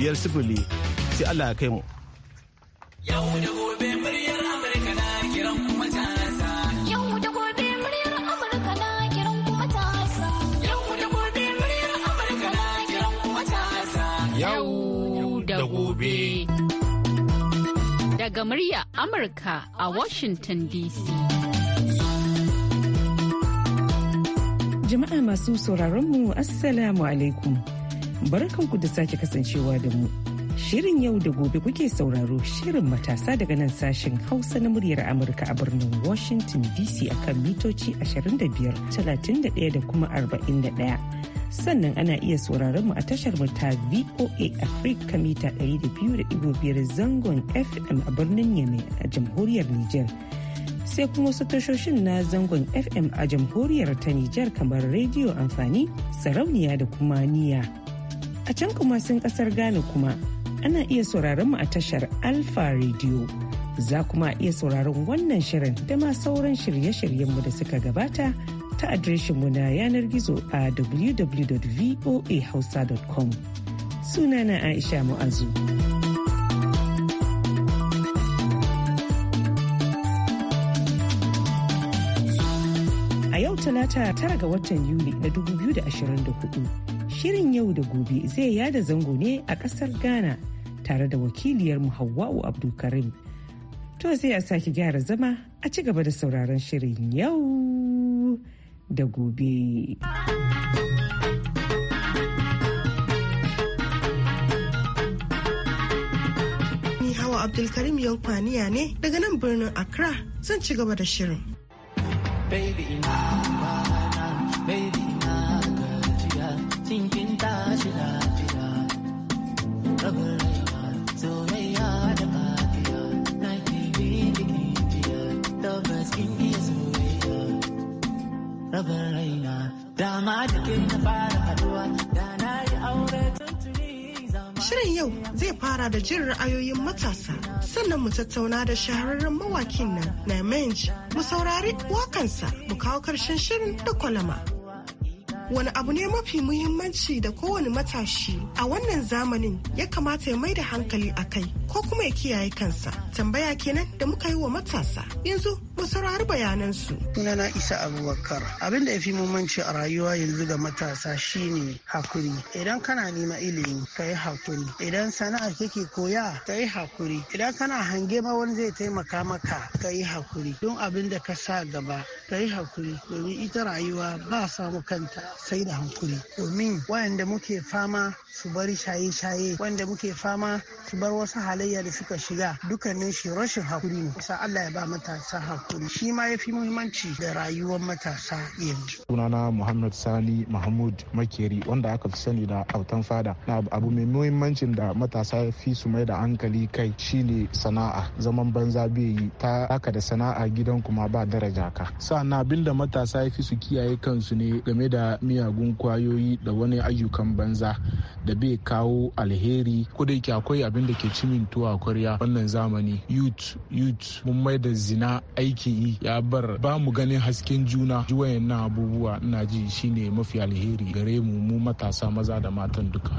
biyar sifili sai Allah ya kai mu. Daga murya Amurka a Washington DC. Jama'a masu sauraron mu Assalamu alaikum. barkanku da sake kasancewa da mu. Shirin yau da gobe kuke sauraro shirin matasa daga nan sashen Hausa na muryar Amurka a birnin Washington DC a kan mitoci 25, 31 da kuma 41. Sannan ana iya sauraron mu a tashar mu ta VOA Africa mita 200.5 zangon FM a birnin Yemen a jamhuriyar niger sai kuma wasu tashoshin na zangon fm a jamhuriyar ta nijar kamar rediyo amfani sarauniya da kuma niya A can kumasin kasar Ghana kuma ana iya sauraron mu a tashar Alpha Radio. Za kuma iya sauraron wannan shirin da ma sauran shirye shiryen mu da suka gabata ta mu na yanar gizo a www.voahausa.com. Sunana Aisha Mu'azu. A yau talata tara ga watan Yuli na 2024. Shirin yau da gobe zai yada zango ne a ƙasar Ghana tare da wakiliyar muhawwa'u Abdulkarim. To sai a sake gyara zama a ci gaba da sauraron shirin yau da gobe. Hawa Abdulkarim kwaniya ne daga nan birnin Accra zan ci gaba da shirin. Baby, Shirin yau zai fara da jin ra'ayoyin matasa sannan mu tattauna da shahararren mawakin nan na Menj mu saurari wakansa mu kawo karshen shirin da kwalama. wani abu ne mafi muhimmanci da kowane matashi a wannan zamanin ya kamata ya mai da hankali a kai ko kuma ya kiyaye kansa tambaya kenan da muka yi wa matasa yanzu ba saurari suna na Isa Abubakar. Abin da ya fi muhimmanci a rayuwa yanzu ga matasa shine hakuri. Idan kana nema ilimi ka yi hakuri. Idan sana'a kake koya ka yi hakuri. Idan kana hange ma wani zai taimaka maka ka yi hakuri. Don abin da ka sa gaba ka yi hakuri. Domin ita rayuwa ba samu kanta sai da hakuri. Domin wayanda muke fama su bari shaye-shaye wanda muke fama su bar wasu halayya da suka shiga dukkanin shi rashin hakuri ne. Sa Allah ya ba matasa hakuri. to shi ma ya fi muhimmanci da rayuwar matasa yanzu. sunana muhammad sani mahmud makeri wanda aka fi sani da autan fada na abu mai muhimmancin da matasa fi su mai da hankali kai shine sana'a zaman banza bai yi ta haka da sana'a gidan kuma ba daraja ka sa'an abin da matasa ya fi su kiyaye kansu ne game da miyagun kwayoyi da wani ayyukan banza da bai kawo alheri ko da yake akwai abin da ke cimin tuwa kwarya wannan zamani youth youth mun mai da zina aiki ake yi ya bar ba mu ganin hasken juna juwayen na abubuwa ina ji shine mafi alheri gare mu mu matasa maza da matan duka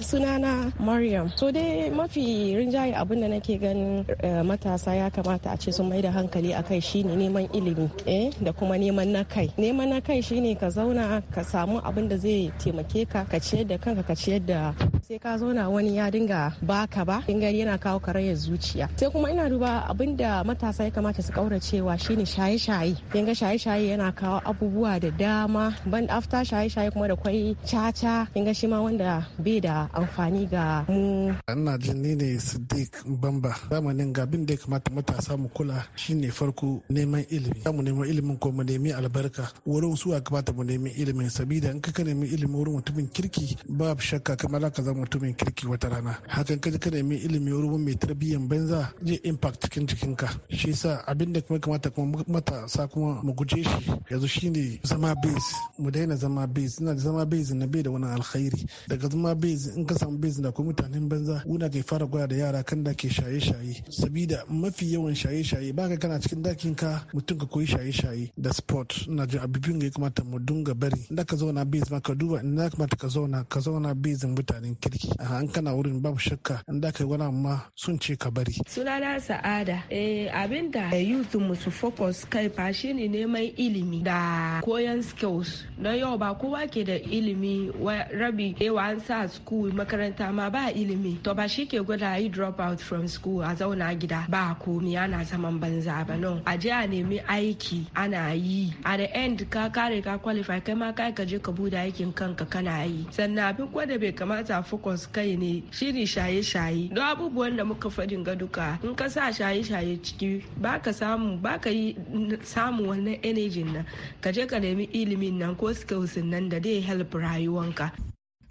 sunana mariam to dai mafi rinjaye abin da nake ganin eh, matasa ya kamata a ce sun mai da hankali a kai shine neman ilimi eh da kuma neman na kai neman na kai shine ka zauna ka samu abin da zai taimake ka ka ciyar da kanka ka ciyar da sai ka zauna wani ya dinga baka ba in gani yana kawo karayar zuciya sai kuma ina duba abin da matasa ya kamata su kauracewa shine shaye-shaye in ga shaye-shaye yana kawo abubuwa da dama ban after shaye-shaye kuma da kwai caca in ga shi ma wanda bai da amfani ga mu ina jin ni ne Siddiq Bamba zamanin ga abin da ya kamata matasa mu kula shine farko neman ilimi za mu neman ilimin ko mu nemi albarka wurin su a kamata mu nemi ilimin sabida in ka nemi ilimin wurin mutumin kirki ba shakka kamar ka zama mutumin kirki wata rana hakan kada ka nemi ilimin wurin mai tarbiyyan banza je impact cikin jikinka shi yasa abin da kuma kamata kuma matasa kuma mu guje shi yanzu shine zama base mu daina zama base ina zama base na bai da wani alkhairi daga zama base in ka samu base da kuma mutanen banza wuna kai fara gwada da yara kan da ke shaye-shaye sabida mafi yawan shaye-shaye baka kana cikin dakin ka mutum ka koyi shaye-shaye da sport ina jin abubuwan ya kamata mu dunga bari da ka zauna base ma ka duba ina kamata ka zauna ka zauna base mutanen kirki a an wurin babu shakka inda da kai wani amma sun ce ka bari sunana sa'ada eh abinda youth mu su focus kai fa shine neman ilimi da koyan skills don yau ba kowa ke da ilimi rabi ewa an sa school makaranta ma ba ilimi to ba shi ke gwada yi drop out from school a zauna gida ba komi ana zaman banza ba no a je a nemi aiki ana yi a da end ka kare ka qualify kai ma kai ka je ka buɗe aikin kanka kana yi sannan abin gwada bai kamata focus kai ne shiri shaye-shaye don abubuwan da muka faɗin ga duka in ka sa shaye-shaye ciki baka samu baka yi samu wannan energy nan ka je ka nemi ilimin nan ko skills nan da dai help rayuwanka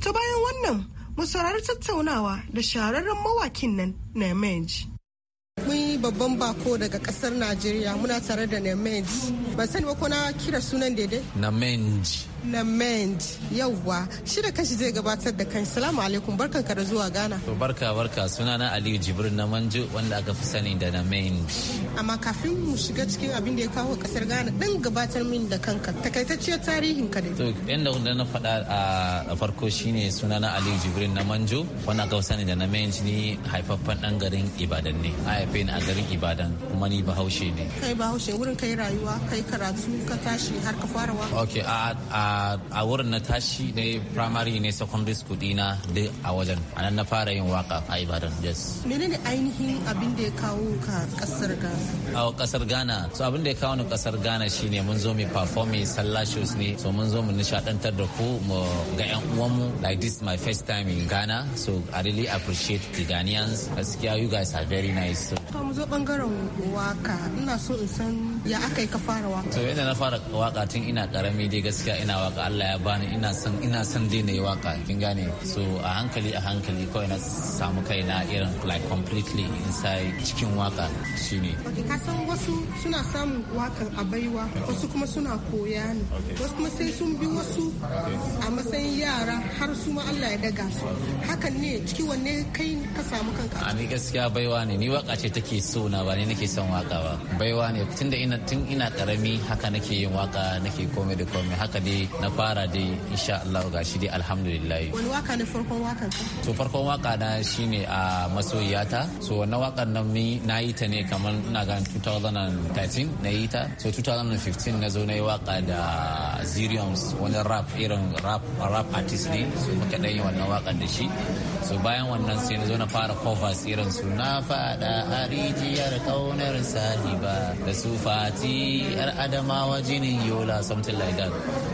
ta bayan wannan mu tattaunawa da shahararren mawakin nan na mun yi babban bako daga kasar najeriya muna tare da nemej ba sani ba ko na kira sunan daidai nemej Lament yawwa shi da kashi zai gabatar da kan salamu alaikum barkan ka da zuwa gana To barka barka suna na Aliyu Jibrin na Manjo wanda aka fi sani da mend Amma kafin mu shiga cikin abin da ya kawo kasar gana dan gabatar min da kanka takaitacciyar tarihin ka to inda yanda na faɗa a farko shine suna na Aliyu Jibrin na Manjo wanda aka fi sani da mend ni haifaffen dan garin Ibadan ne. A ni a garin Ibadan kuma ni Bahaushe ne. Kai Bahaushe wurin kai rayuwa kai karatu ka tashi har ka fara wa. Okay a a wurin na tashi ne primary ne secondary school dina duk a wajen a nan na fara yin waka a ibadan yes menene ainihin abin da ya kawo ka kasar ghana a kasar ghana so abin da ya kawo ni kasar ghana shine mun zo mu perform sallah shows ne so mun zo mu nishadantar da ku mu ga yan uwanmu like this my first time in ghana so i really appreciate the ghanaians gaskiya you guys are very nice so to mu zo bangaren waka ina so in san ya aka yi ka fara waka to yadda na fara waka tun ina karami dai gaskiya ina waka Allah ya bani ina son ina son dai na yi waka kin gane so a hankali a hankali kawai na samu kai na irin like completely inside cikin waka shine okay ka san wasu suna samun wakan a baiwa wasu kuma suna koya ne wasu kuma sai sun bi wasu a matsayin yara har su ma Allah ya daga su hakan ne ciki wanne kai ka samu kanka a ni gaskiya baiwa ne ni waka ce take so na ba ne nake son waka ba baiwa ne tunda ina nan tun ina karami haka nake yin waka nake komai da komai haka dai na fara dai insha Allah shi dai alhamdulillah wani waka ne farkon wakan ka to farkon waka na shine a masoyiyata so wannan wakan nan ni na yi ta ne kamar ina ga 2013 na yi ta so 2015 na zo na yi waka da Ziriums wani rap irin rap rap artist ne so muka dan yi wannan wakan da shi so bayan wannan sai na zo na fara covers irin su na fada a rijiyar kaunar sahiba da su fati yar adamawa jinin yola something like that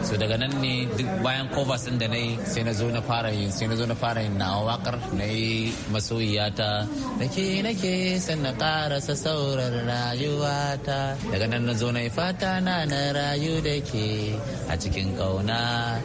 so daga nan ne duk bayan covers din da na sai na zo na fara yin sai na zo na fara yin nawa wakar na yi masoyiyata da ke nake sanna karasa saurar rayuwata daga nan na zo na yi fata na na rayu da ke a cikin kauna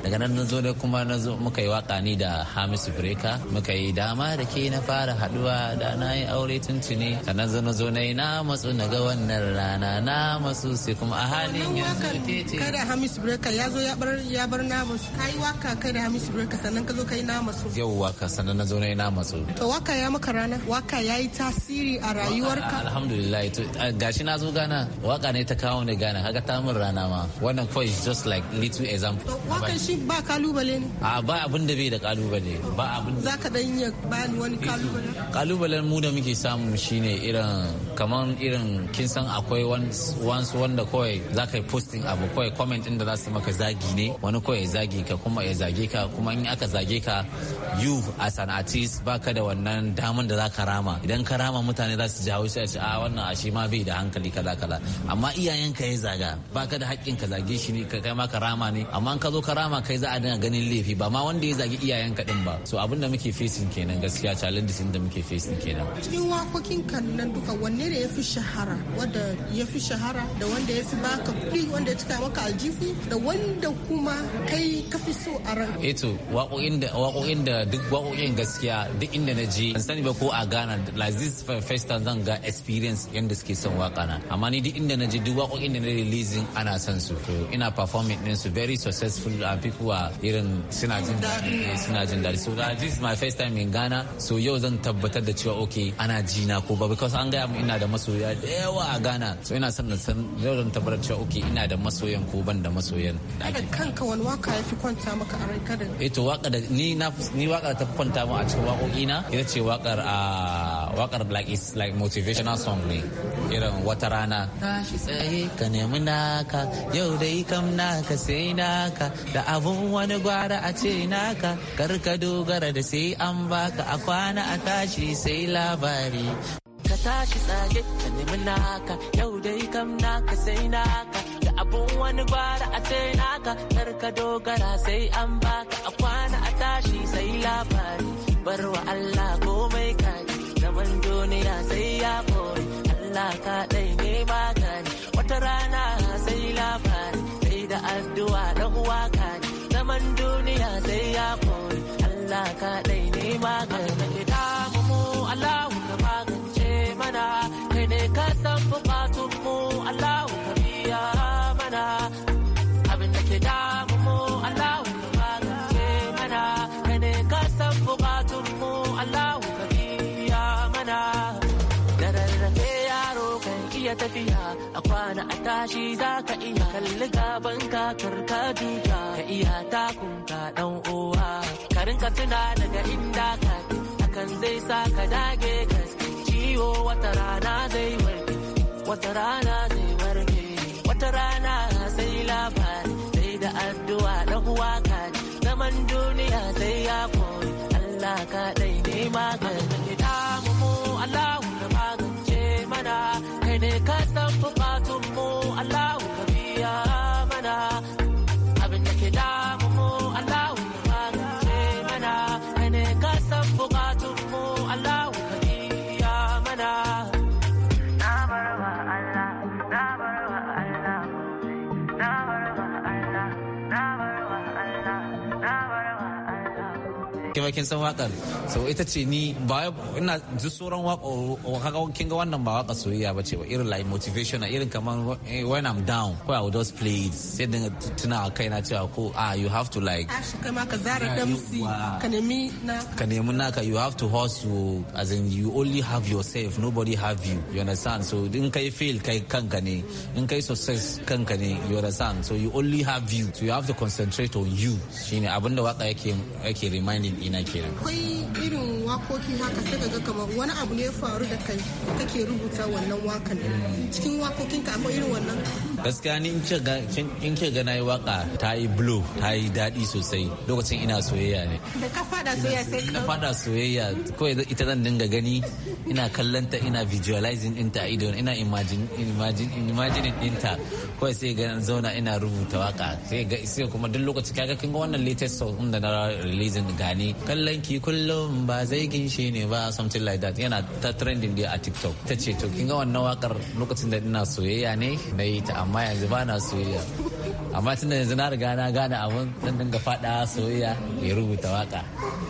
daga nan na zo da kuma na zo muka yi waka ni da hamisu breka muka yi yi dama da ke na fara haduwa da na yi aure tuntuni sannan zo na zo na yi na matsu na ga wannan rana na matsu sai kuma a halin yanzu ke ce kada hamis breka ya zo ya bar ya bar masu kai waka kai da hamis breka sannan ka zo kai masu yau waka sannan na zo na yi masu to waka ya maka rana waka ya yi tasiri a rayuwarka alhamdulillah to gashi na zo gana waka ne ta kawo ni gana kaga ta mun rana ma wannan kawai just like little example waka shi ba kalubale ne a ba abin da bai da kalubale ba abin da dan ya bani wani kalubalen kalubalen mu da muke samu shine irin kamar irin kin san akwai wansu wanda kawai za ka yi posting abu kawai comment inda za su maka zagi ne wani kawai ya zagi ka kuma ya zage ka kuma in aka zage ka you as an artist baka da wannan damar da za ka rama idan ka rama mutane za su ji haushi a ce a ah, wannan a shi ma bai da hankali kaza kaza amma iyayenka ya zaga baka da haƙƙin ka zage shi ne kai ma ka rama ne amma ka zo ka rama kai za a dinga ganin laifi ba ma wanda ya zagi iyayenka din ba so abin da muke facing kenan gaskiya challenge din da muke facing kenan cikin wakokin kan nan duka wanne menene ya fi shahara wanda ya fi shahara da wanda ya fi baka kuɗi wanda ya cika maka aljihu da wanda kuma kai ka fi so a ran. Eto eh waƙoƙin da waƙoƙin da duk waƙoƙin gaskiya duk inda na je ban sani ba ko a Ghana like this first time zan ga experience yadda suke son waƙa na amma ni duk inda na je duk waƙoƙin da na releasing ana son su ina performing din su very successful a uh, people a irin suna jin daɗi eh, suna jin daɗi so uh, this my first time in Ghana so yau zan tabbatar da cewa okay ana na ko ba because an gaya mu ina da masoya da yawa a Ghana so ina son na san zan tabbatar cewa okay ina da masoyan ko ban da masoyan daga kanka wani waka yafi kwanta maka a rai kada eh to waka da ni na ni waka ta kwanta mu a cikin wakoki na ita ce wakar a ah, wakar like is like motivational song ne irin wata rana tashi tsaye ka nemi naka yau dai kam naka sai naka da abun wani gwara a ce naka kar ka dogara da sai an baka a kwana a tashi sai labari ka tashi tsage ka nemi naka yau dai kam naka sai naka da abun wani gwara a sai naka kar ka dogara sai an baka a kwana a tashi sai labari barwa Allah komai kaji zaman duniya sai ya kori Allah ka dai ne magani wata rana sai labari sai da addu'a dan uwa zaman duniya sai ya kori Allah ka dai ne magani kwana a tashi za ka iya kalli gaban ka karka duka ka iya takun ka dan uwa ka rinka tuna daga inda ka hakan zai sa ka dage gaske ciwo wata rana zai warke wata rana zai warke wata rana sai labari sai da addu'a da uwa ka zaman duniya sai ya koyi Allah ka dai ne magana kin san them. so ita ce ni ba ina duk sauran waka kin ga wannan ba waka soyayya ba ce ba irin like motivation irin kamar eh, when i'm down ko i will just play it sai dinga tuna kai na cewa ko ah you have to like kai ma ka zara damsi ka nemi naka ka nemi naka you have to hustle as in you only have yourself nobody have you you understand so in kai fail kai kanka ne in kai success kanka ne you understand so you only have you so you have to concentrate on you shine abinda waka yake yake reminding ina kenan irin wakoki haka sai ga kamar wani abu ne ya faru da kai kake rubuta wannan wakan cikin wakokin ka akwai irin wannan gaskiya ni in ke ga nayi waka ta yi blue ta yi daɗi sosai lokacin ina soyayya ne da ka fada soyayya sai ka fada soyayya kawai ita zan dinga gani ina kallanta ina visualizing ɗinta a idon ina imagining ɗinta kawai sai ga zauna ina rubuta waka sai ga sai kuma duk lokacin kaga kin ga wannan latest song din da na releasing gani kallon ki kullum ba zai kin shi ne ba something like that yana ta trending dia a tiktok ta ce to kin ga wannan wakar lokacin da ina soyayya ne na yi ta amma yanzu ba na soyayya amma tunda yanzu na riga na gane abun dan dinga fada soyayya ya rubuta waka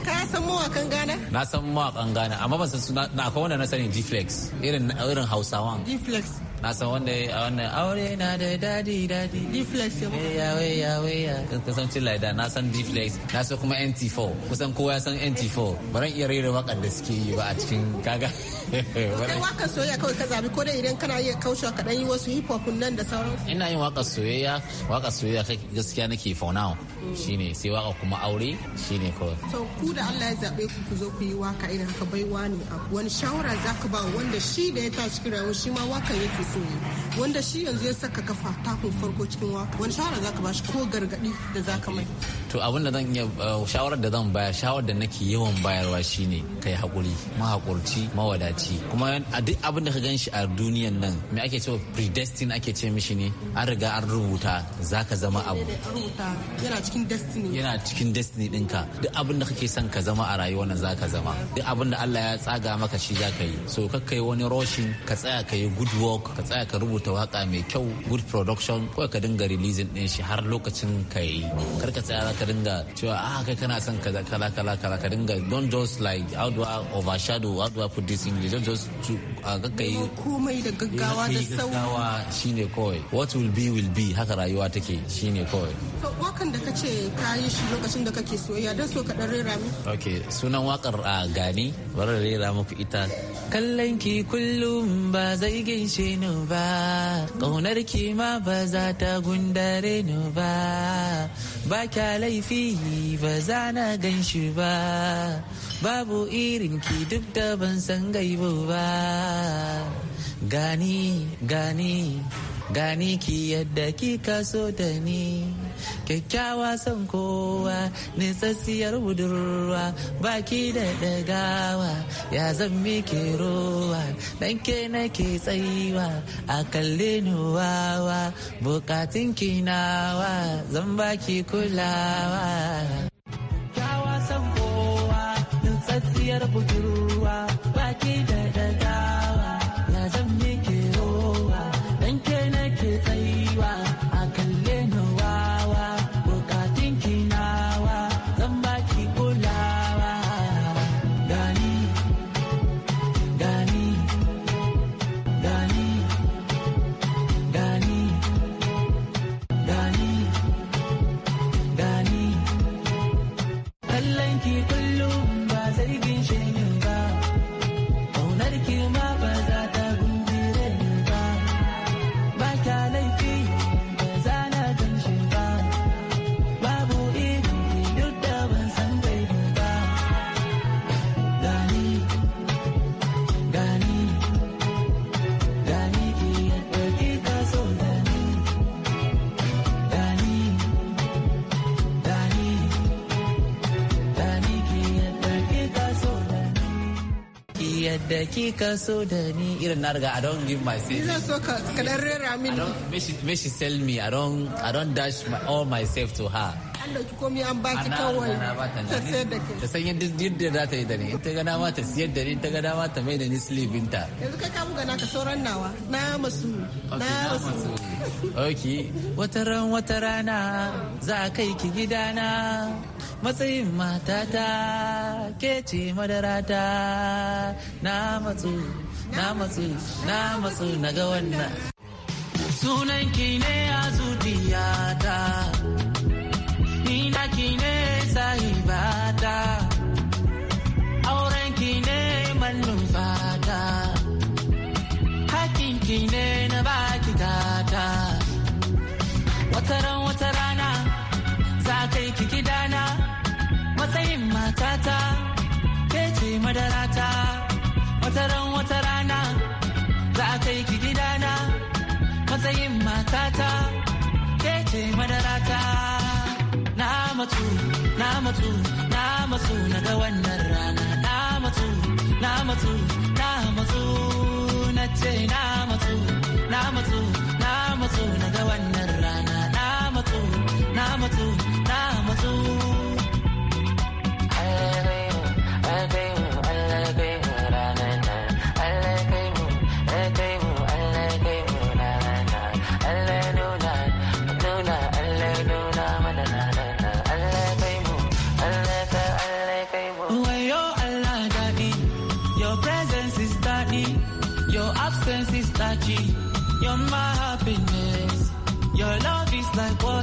ka san mawakan gana na san mawakan gana amma ban san suna na akwai wanda na sani g-flex irin irin hausawan g na san wanda a wannan aure na da dadi dadi deflex ya wai ya wai ya kasancin laida na san deflex na san kuma nt4 kusan kowa ya san nt4 baran iya rera wakar da suke yi ba a cikin kaga kai wakar soyayya kawai ka zabi ko da idan kana iya kaushewa kaɗan yi wasu hip hop nan da sauransu ina yin wakar soyayya wakar soyayya gaskiya nake for now shine sai waka kuma aure shine kawai to ku da Allah ya zaɓe ku ku zo ku yi waka irin haka baiwa ne abu wani shawara za ka ba wanda shi da ya tashi kirawo shi ma waka yake so yi wanda shi yanzu ya saka kafa takun farko cikin waka wani shawara za ka ba shi ko gargaɗi da za zaka mai to abin da zan iya uh, shawarar da zan bayar shawarar da nake yawan bayarwa shine kai hakuri mahakurci mawadaci kuma a duk abin da ka gan shi a duniyan nan me ake cewa predestined ake ce mishi ne an riga an rubuta zaka zama abu yana cikin destiny yana cikin destiny dinka duk abin da kake son ka zama a rayuwar nan zaka zama duk abin da Allah ya tsaga maka shi zaka yi so kakka yi wani roshin ka tsaya ka yi good work ka tsaya ka rubuta waka mai kyau good production ko ka dinga releasing din shi har lokacin ka yi kar ka tsaya ka dinga cewa ah kai kana son kaza kala kala kala ka dinga don just like how do I overshadow how do I put this in English don't just a gaggai komai da gaggawa da gaggawa shine kawai what will be will be haka rayuwa take shine kawai wakan da kace ka yi shi lokacin da kake soyayya dan so ka dan rera mu okay sunan wakar a gani bari rera muku ita kallon ki kullum ba zai ginshe ni ba kaunar ki ma ba za ta gundare ni ba ba kya laifi ba za gan shi ba babu irin ki duk da ban san gaibo ba gani gani gani ki yadda ki so da ni kyakkyawa son kowa sassiyar budurwa baki da dagawa ya zan miki rowa dan ke nake tsayiwa a kalle nuwawa wawa bukatun kinawa zan baki kulawa kyakkyawa son kowa sassiyar budurwa kika so da ni irin na riga I don't give myself. self. Ina so ka kadan rera mini. Make she sell me I don't I don't dash my, all myself to her. An dauki komai an baki kawai ta sayar da ke. Ta san yadda za ta yi da ni. In ta ga dama ta siyar da ni, in ta ga dama ta mai da ni sleeping ta. Yanzu kai ka buga naka sauran nawa. Na masu. Na masu. Okay. Wata ran wata rana za a kai ki gidana. matsayin matata ke ce madarata na matsu na matsu na matsu na ga wannan ki ne a zuciyata na matsu na matsu na ga wannan rana na matsu na matsu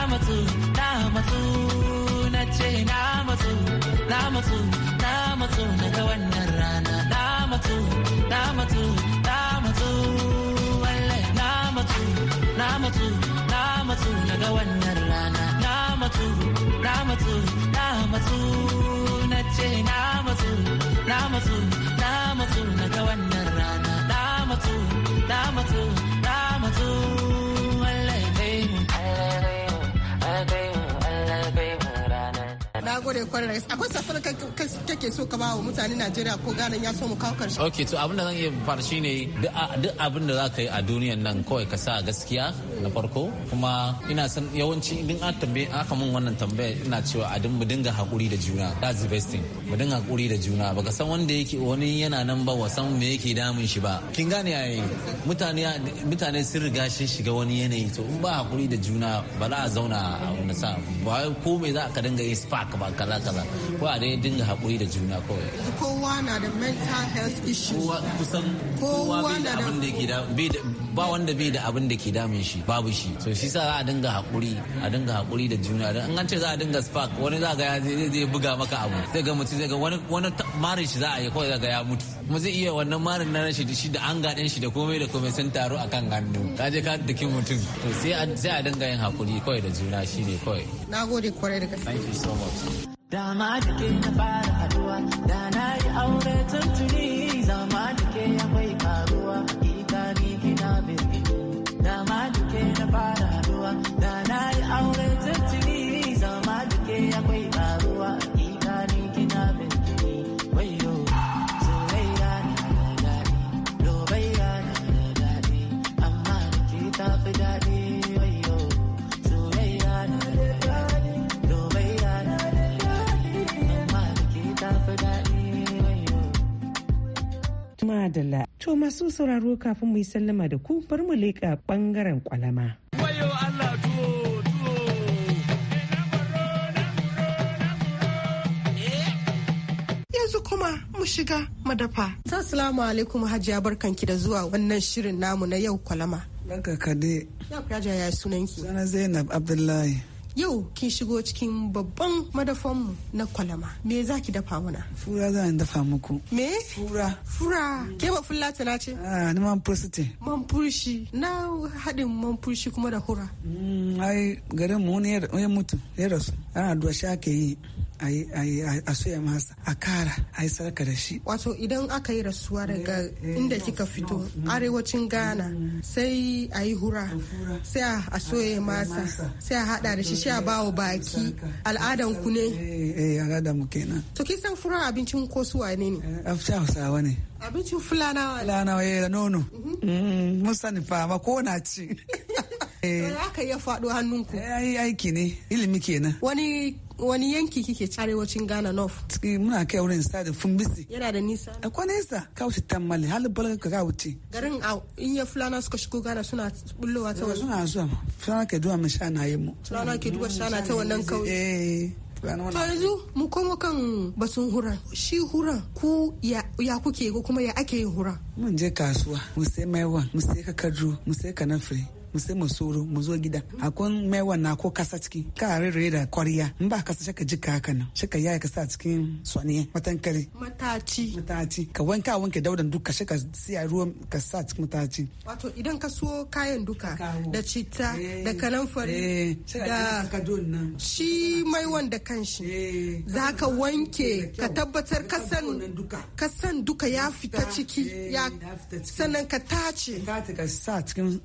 na matsu na matsu na ce na matsu na matsu na matsu na ga wannan rana na matsu na matsu na matsu wallahi na matsu na matsu na matsu na ga wannan rana na matsu na matsu na matsu na ce na matsu na matsu na matsu na ga wannan rana na matsu na matsu na matsu gode kwarai akwai safar kake so ka bawa mutane Najeriya ko Ghana ya so mu kawo karshe okay to abin da zan iya fara ne. duk abin da zaka yi a duniyan nan kawai ka sa gaskiya na farko kuma ina san yawanci idan aka tambaye aka mun wannan tambaya ina cewa a mu dinga hakuri da juna that's the best thing mu dinga hakuri da juna baka san wanda yake wani yana nan ba san me yake damun shi ba kin gane yayi mutane mutane sun riga shi shiga wani yanayi to in ba hakuri da juna ba za a zauna a wani sa ba ko me za ka dinga yi spark ba Kala kala ko a dai dinga hakuri da juna kawai kowa na da mental health issues kowa kusan kowa na da abin da yake da ba wanda bai da abin da ke damun shi babu shi so shi sa za a dinga hakuri a dinga hakuri da juna in an ce za a dinga spark wani za ga zai zai buga maka abu zai ga mutum zai ga wani wani marin shi za a yi kawai za ga ya mutu kuma zai iya wannan marin na shi shi da an gaɗin shi da komai da komai sun taru a kan hannu ka je ka daki mutum to sai a dinga yin hakuri kawai da juna ne kawai nagode kwarai da gaske thank you so much Dama ma da na fara haduwa da na yi aure tuntuni zama da ke ya To masu sauraro kafin mu yi sallama da ku bar mu leƙa ɓangaren kwalama. yanzu kuma mu shiga madafa. Assalamu alaikum hajiya barkanki da zuwa wannan shirin namu na yau kwalama. Barka kade. Ya kuya ya sunanki. Sana Zainab Abdullahi. yau kin shigo cikin babban madafanmu na kwalama me za ki dafa mana fura za in dafa muku me fura fura ke ba fulla tana ce ah ni man fursi man furshi na haɗin man furshi kuma da hura mm, ai garin mu ne ya mutu ya rasu ana duwa sha ke yi a soya masa a kara a yi sarka da shi wato idan aka yi rasuwa daga eh, eh, inda kika fito arewacin ghana mm. sai a yi hura sai a soya masa sai a hada da shi sai a eh, bawo baki al'adan ku ne eh al'adan mu kenan to kin san fura abincin ko su wane ne afta hausawa ne abincin fulanawa fulanawa ya nono mm-hmm. mm, mun sani fama ko na ci aka iya faɗo hannunku. Ai aiki ne, ilimi kenan. Wani wani yanki kike ci arewacin Ghana North? Muna kai wurin sa da Fumbisi. Yana da nisa. Akwai nesa ka wuce Mali? hali balaga ka ka wuce. Garin a in ya fulana suka shigo Ghana suna bullowa ta wani. Suna zuwa fulana ke duwa mu shana yi mu. Fulana ke duwa shana ta wannan kauye. Eh, to yanzu mu komo kan batun huran. Shi huran ku ya kuke ko kuma ya ake yin huran? Mun je kasuwa, mu sai maiwa, mu sai kakadu, mu sai kanafire. mu sai mu soro mu zo gida akwai mai wannan ko kasa ciki ka rere da kwariya in ba kasa shaka jika haka nan shaka ya ka sa cikin swaniya matan mataci mataci ka wanka wanke daudan duka shaka siya ruwa ka sa cikin mataci wato idan ka so kayan duka da citta eh. da kalamfari eh. da shi mai wanda kanshi eh. za ka wanke ka tabbatar kasan duka ya fita ciki sannan ka tace ka sa cikin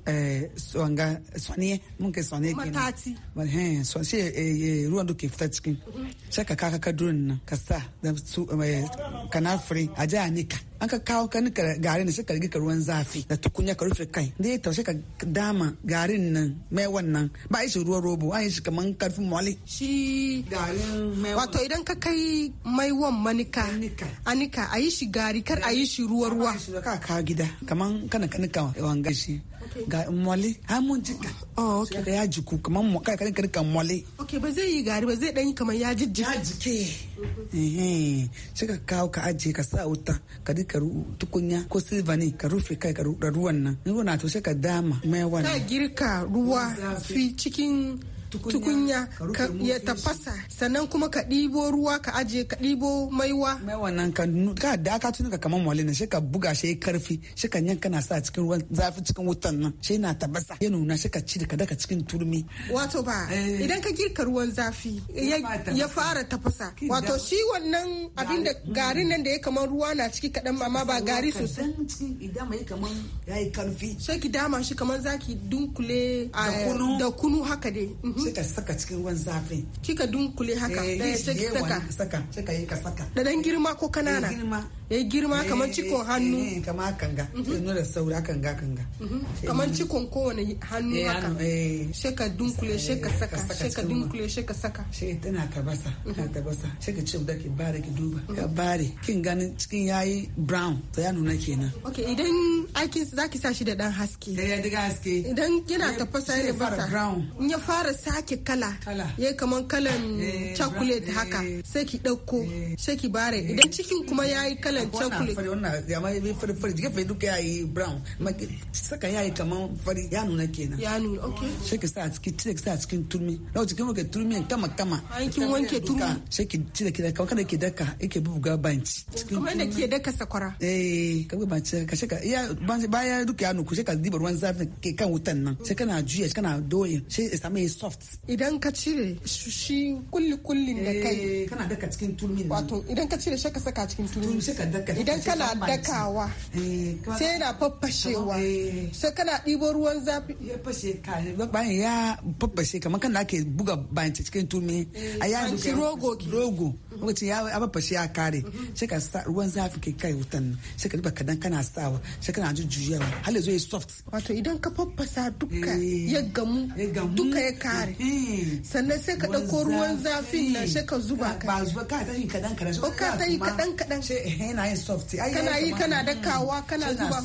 wanga soniye mun kai soniye kenan matati eh so shi e, e, ruwan do ke fita cikin mhm. sai ka kaka ka durin nan ka sa ka na e, kanafuri a jiha nika an ka kawo ka nika garin da sai ka rigi ka ruwan zafi da tukunya ka rufe kai da ya taushe ka dama garin nan mai wannan ba shi ruwan robo an shi kaman karfin mawali. shi garin mai wato idan ka kai mai wan manika anika a yi shi gari kar a yi shi ruwa ruwa ka kawo gida kaman kana ka nika wanga gashi ga mole har mun jika oh okay ka ya jiku kaman mu kai ka nika mole ok ba zai yi gari ba zai dan yi kaman ya jijjike ya jike eh sai ka kawo ka ajiye ka sa wuta ka ka tukunya ko silva ne ka rufe kai ka ruwan nan ruwa na to sai ka dama mai ka girka ruwa fi cikin tukunya ya tafasa sannan kuma ka ɗibo ruwa ka aje ka ɗibo maiwa Mai wannan ka ka da ka tuni ka kamar mwalin shi ka buga shi karfi shi ka yanka na sa cikin ruwan zafi cikin wutan nan shi na tafasa ya nuna shi ka ci ka daka cikin turmi wato ba eh. idan ka girka ruwan zafi ya fara tafasa wato shi wannan abin da nan da ya kamar ruwa na ciki kaɗan amma ba gari sosai idan mai karfi sai ki dama shi kamar zaki dunkule da kunu haka dai mm. Mhm. ka saka cikin ruwan zafi. Kika dunkule haka ɗaya eh, eh, sai ki eh, saka. Saka sai ka yi ka saka. Da dan girma ko kanana. Girma. Ya girma kamar cikon hannu. Kamar kanga. Mhm. Ya nuna saura kanga kanga. Mhm. Kamar cikon kowane hannu haka. Sai ka dunkule sai ka saka. Sai ka dunkule sai ka saka. Sai tana tabasa. Tana tabasa. Sai ka ci da ki bare ki duba. Ka bare. Kin ganin cikin yayi brown. To ya nuna kenan. Ok idan aikin zaki sa shi da dan haske. Da ya diga haske. Idan yana tafasa ya fara brown. In ya fara sake kala ya kaman kalan eh, chocolate haka eh. sai ki ɗauko eh. sai ki bare idan cikin kuma ya yi kalan chocolate ya fari fari jikin fari duka ya yi brown saka ya yi fari ya nuna kenan ya nuna ok sai sa a cikin cire sa a cikin turmi na ka kama kama an kin wanke turmi sai ki cire ki daka kada ki daka yake banci da ka banci ka shaka banci baya duka ya nuku sai ka diba ruwan zafi kan wutan nan sai kana juya kana doye sai ya samu ya soft idan ka cire shi kulli kullin da kai eh, kana daka cikin turmin wato idan ka cire shi ka saka cikin turmi idan kana dakawa eh, sai yana faffashewa eh, sai kana ɗibo ruwan zafi ya fashe ka bayan ya faffashe kamar kana ke buga bayan cikin turmi a ya yanzu rogo rogo lokacin ya faffashe ya kare mhm. sai ka sa ruwan zafi kai kai wutan sai ka duba kadan kana sawa sai kana jujjuyawa har yanzu ya soft wato idan ka faffasa duka ya gamu duka ya kare tare eh. sannan sai ka ɗauko ruwan zafin na shi ka zuba ka ba zuba ka ta yi kaɗan kaɗan ko oh, ka ta yi kaɗan kaɗan eh, yana yin soft kana yi kana dakawa kana zuba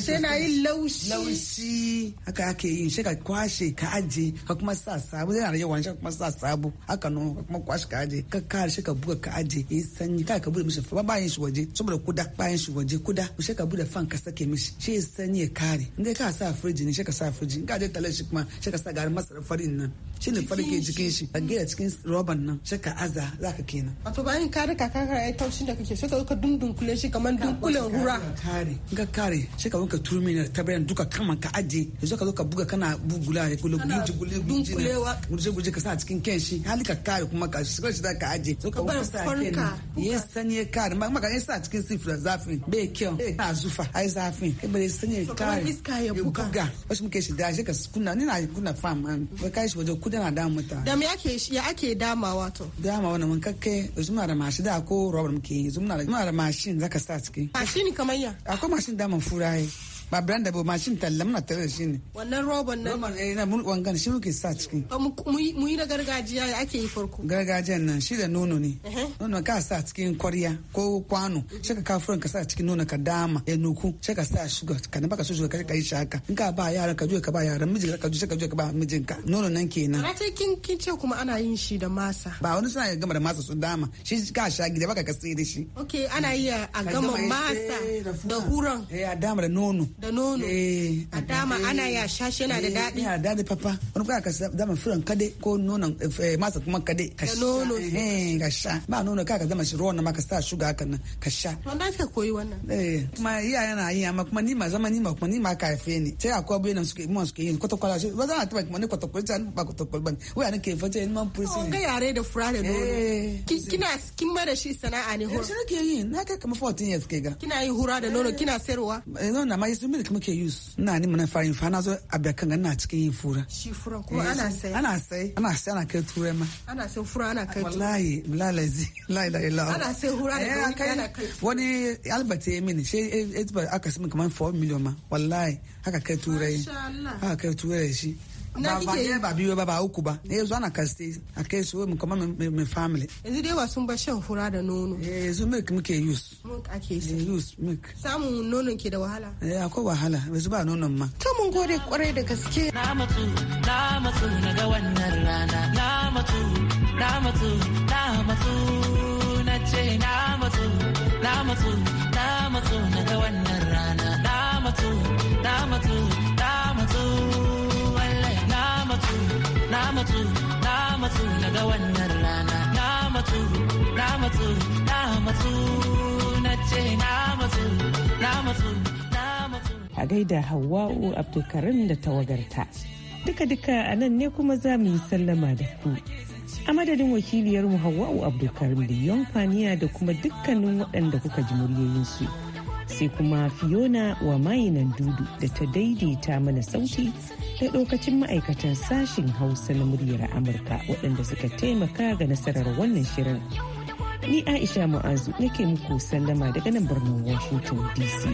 sai na yi laushi laushi haka ake yin shi ka kwashe ka aje ka kuma sa sabu yana da yawan kuma sa sabu haka nan ka kuma kwashe ka aje ka kare shi ka buga ka aje yi sanyi ka ka bude mishi ba bayan shi waje saboda kuda bayan shi waje kuda shi ka bude fan ka sake mishi sai sanyi ya kare in ka sa firiji ne shi ka sa firiji in ka je talar shi kuma shi ka sa garin masarar farin nan Amen. shine farke jikin shi a gina cikin roban nan sai ka aza za ka kenan wato bayan ka rika ka kare taushin da kake sai ka dundunkule shi kamar dunkulen hura kare ka kare sai ka wanka turmi ta bayan duka kama ka aje yanzu ka zo ka buga kana bugula ya kula gulji gulji gulji dunkulewa gulji gulji ka sa a cikin kenshi hali ka kare kuma ka shiga shi ka aje so ka bar farka ya sanye kare ma ka sa a cikin sifira zafin bai kyau ka zufa ai zafin kai bare sanye kare iska ya buga wasu muke shi da shi ka kunna ni na kunna fam an ba kai shi waje ku dana damun mutane da me ake ya ake dama wato. Dama wani mun kakke zuma da mashi da ko robar muke yi zuma da mashin zaka sa ciki mashin kamar ya akwai mashin dama fura yi ba brand ba mashin talla muna tare da shi ne wannan roban nan roban eh mun wangan shi muke sa cikin mu yi da gargajiya ya ake yi farko gargajiyan nan shi da nono ne nono ka sa cikin kwarya ko kwano shi ka kafuran ka sa cikin nono ka dama ya nuku shi ka sa shuga ka na baka so shuga ka yi shi haka in ka ba yara ka juya ka ba yara, miji ka juya ka juya ka ba mijinka nono nan kenan na ce kin kin ce kuma ana yin shi da masa ba wani suna gama da masa su dama shi ka sha gida baka ka sai da shi Ok ana iya a gama eh, masa da huran eh a dama da nono da nono eh, a dama eh. ana ya shashi yana da eh, daɗi ya daɗi papa wani kuma ka zama furan kade ko nonon masa kuma kade ka sha nono ka sha ba nono ka ka zama shi ruwan ma ka sa shuga haka nan ka sha wannan ka koyi wannan eh kuma iya yana yi amma kuma ni ma zama ni ma kuma ni ma ka fe ni sai akwai abin nan suke mu suke yin kwata kwala shi ba za a taba kuma ni kwata kwala ba kwata kwata ba wai an ke fata in man prison ne ga yare da fura da nono kina kin ma da shi sana'a ne ho shi nake yi na kai kamar 14 years ke ga kina yi hura da nono kina serwa nono na mai yanzu milk muke use ina ni mana farin fa na zo a bakan ina cikin yin fura shi fura ko eh, ana sai ana sai ana sai ana kai turai ma ana sai fura ana kai turai wallahi lalazi la ila illa ana sai fura da eh, kai ana kai wani albert ya mini she shi aka simi kamar 4 million ma wallahi haka kai turai haka kai turai shi na kike ba ba biyu ba ba uku ba ne eh, yanzu ana kaste a kai su mu kamar mai family yanzu dai wasun ba shan fura da nono eh yanzu milk muke use milk ake eh, use milk samun nonon ke da wahala eh akwai wahala yanzu ba nonon ma to mun gode kwarai da gaske na matsu na matsu na ga wannan rana na matsu na matsu na matsu na ce na matsu na matsu na matsu na ga wannan rana na matsu na matsu na matsu na wannan rana na matsu na matsu na matsu na ce na matsu na matsu a gaida hawa'u abdulkarim da tawagarta duka-duka a nan ne kuma za mu yi sallama da ku a madadin wakiliyarmu hawa'u abdulkarim da yon da kuma dukkanin waɗanda kuka ji muryoyinsu. su sai kuma Fiona wa mayinan dudu da ta daidaita mana sauti da lokacin ma'aikatan sashin Hausa na muryar Amurka waɗanda suka taimaka ga nasarar wannan shirin. Ni Aisha Mu'azu nake muku sallama daga nan birnin Washington DC.